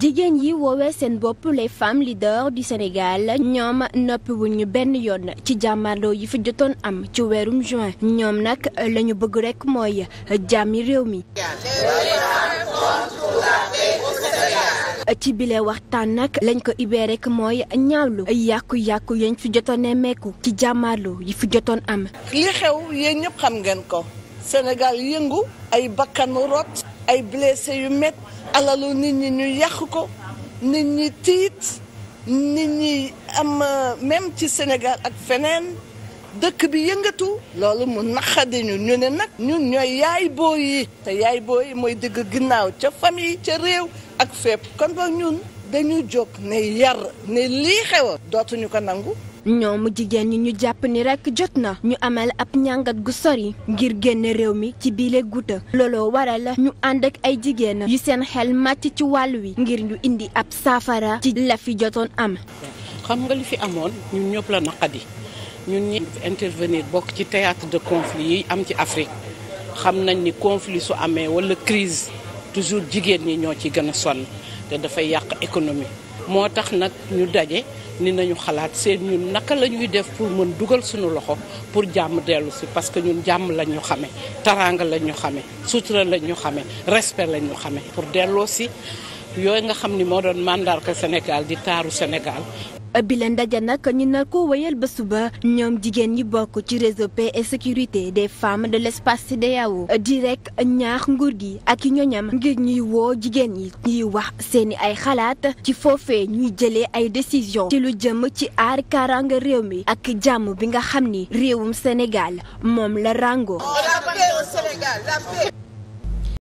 jigéen yi woowee seen bopp les femmes leaders di Sénégal ñoom ñu benn yoon ci jàmmarloo yi fi jotoon am ci weerum juin ñoom nag la ñu bëgg rekk mooy jàmmi réew mi. ci bile waxtaan nag lañ ko ibee rekk mooy ñaawlu yàqu-yàqu yañ fi jotoon nemmeeku ci jàmmarloo yi fi jotoon am. li xew yéen ñëpp xam ngeen ko Sénégal yëngu ay bakkanu rot. ay blessé yu met alalu nit ñi ñu yàqu ko nit ñi tiit nit ñi am euh, même ci Sénégal ak feneen dëkk bi yëngatu loolu mu naqadi ñu ne nag ñun ñooy yaay booy yi te yaay booy yi mooy digg ginnaaw ca famille ca réew ak fépp kon ba ñun dañu jóg ne yar ne lii xewa dootuñu ko nangu ñoomu jigéen ñi ñu jàpp ni rek jot na ñu amal ab ñàngat gu sori ngir génn réew mi ci biile guuta looloo waral ñu ànd ak ay jigéen yu seen xel màcc ci wàll wi ngir ñu indi ab saafara ci la fi jotoon am. xam nga li fi amoon ñu ñëpp la naqadi ñu ñi intervenir bokk ci théâtre de conflit yi am ci Afrique xam nañ ni conflit su amee wala crise toujours jigéen ñi ñoo ci gën a sonn te dafay yàq économie. moo tax nag ñu daje ni nañu xalaat seet ñun naka la ñuy def pour mën dugal suñu loxo pour jàmm dellu si parce que ñun jàmm lañ ñu xame taraanga lañ ñu xame sutura lañ ñu xame respect lañ ñu xame pour delloo si yooyu nga xam ni moo doon mandarga Sénégal di taaru Sénégal bile ndaje nag ñu na ko wéyal ba suba ñoom jigéen ñi bokk ci réseau paix et sécurité des femmes de l' espace CEDEAO di rek ñaax nguur gi ak ñoñam ngir ñuy woo jigéen ñi ñuy wax seeni ay xalaat ci foofee ñuy jëlee ay décision ci lu jëm ci aar kaaraanga réew mi ak jàmm bi nga xam ni réewum Sénégal moom la ràngoo